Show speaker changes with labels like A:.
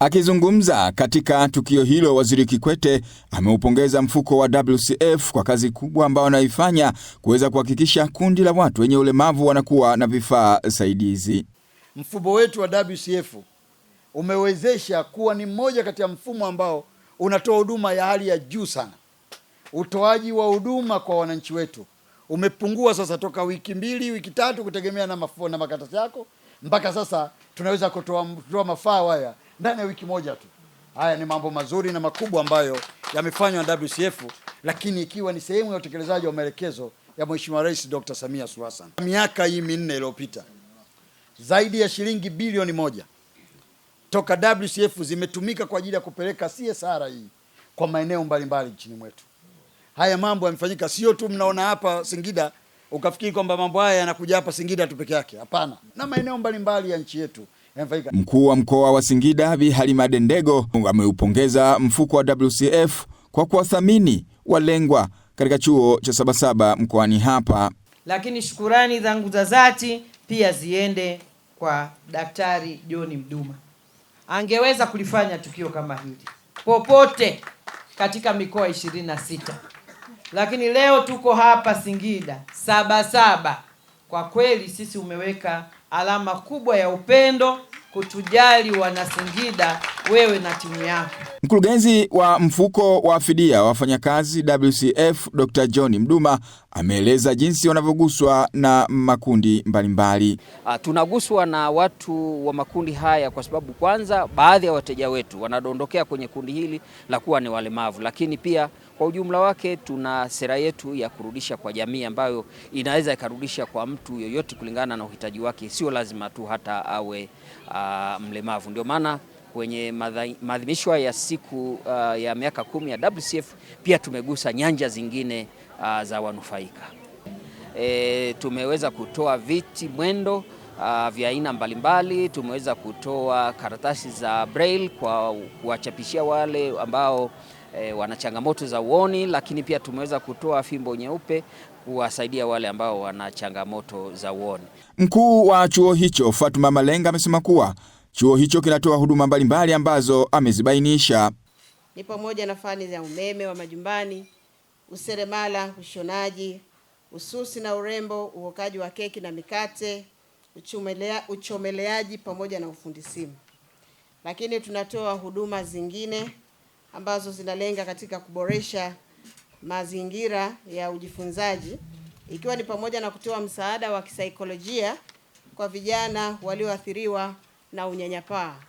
A: Akizungumza katika tukio hilo, Waziri Kikwete ameupongeza mfuko wa WCF kwa kazi kubwa ambayo wanaifanya kuweza kuhakikisha kundi la watu wenye ulemavu wanakuwa na vifaa saidizi.
B: Mfumo wetu wa WCF umewezesha kuwa ni mmoja kati ya mfumo ambao unatoa huduma ya hali ya juu sana. Utoaji wa huduma kwa wananchi wetu umepungua sasa toka wiki mbili, wiki tatu, kutegemea na, na makatasi yako, mpaka sasa tunaweza kutoa mafao haya ndani ya wiki moja tu. Haya ni mambo mazuri na makubwa ambayo yamefanywa na WCF, lakini ikiwa ni sehemu ya utekelezaji wa maelekezo ya Mheshimiwa Rais Dr. Samia Suluhu Hassan. Miaka hii minne iliyopita zaidi ya shilingi bilioni moja toka WCF zimetumika kwa ajili ya kupeleka CSR hii kwa maeneo mbalimbali nchini mwetu. Haya mambo yamefanyika, sio tu mnaona hapa Singida ukafikiri kwamba mambo haya yanakuja hapa Singida tu peke yake. Hapana, na maeneo mbalimbali ya nchi yetu.
A: Mkuu wa mkoa wa Singida Bi Halima Dendego ameupongeza mfuko wa WCF kwa kuwathamini walengwa katika chuo cha Sabasaba mkoani hapa.
C: Lakini shukurani zangu za dhati pia ziende kwa Daktari John Mduma, angeweza kulifanya tukio kama hili popote katika mikoa sita, lakini leo tuko hapa Singida Sabasaba. Kwa kweli sisi umeweka alama kubwa ya upendo kutujali Wanasingida wewe na timu yako.
A: Mkurugenzi wa mfuko wa fidia wafanyakazi WCF Dr. John Mduma ameeleza jinsi wanavyoguswa na makundi mbalimbali.
D: Ah, tunaguswa na watu wa makundi haya kwa sababu kwanza, baadhi ya wateja wetu wanadondokea kwenye kundi hili la kuwa ni walemavu, lakini pia kwa ujumla wake tuna sera yetu ya kurudisha kwa jamii ambayo inaweza ikarudisha kwa mtu yoyote kulingana na uhitaji wake, sio lazima tu hata awe uh, mlemavu. Ndio maana kwenye maadhimisho ya siku uh, ya miaka kumi ya WCF pia tumegusa nyanja zingine uh, za wanufaika. E, tumeweza kutoa viti mwendo uh, vya aina mbalimbali. Tumeweza kutoa karatasi za braille kwa kuwachapishia wale ambao e, wana changamoto za uoni, lakini pia tumeweza kutoa fimbo nyeupe kuwasaidia wale ambao wana changamoto za uoni.
A: Mkuu wa chuo hicho Fatuma Malenga amesema kuwa Chuo hicho kinatoa huduma mbalimbali ambazo amezibainisha
E: ni pamoja na fani za umeme wa majumbani, useremala, ushonaji, ususi na urembo, uokaji wa keki na mikate, uchomelea, uchomeleaji pamoja na ufundi simu. Lakini tunatoa huduma zingine ambazo zinalenga katika kuboresha mazingira ya ujifunzaji ikiwa ni pamoja na kutoa msaada wa kisaikolojia kwa vijana walioathiriwa na unyanyapaa.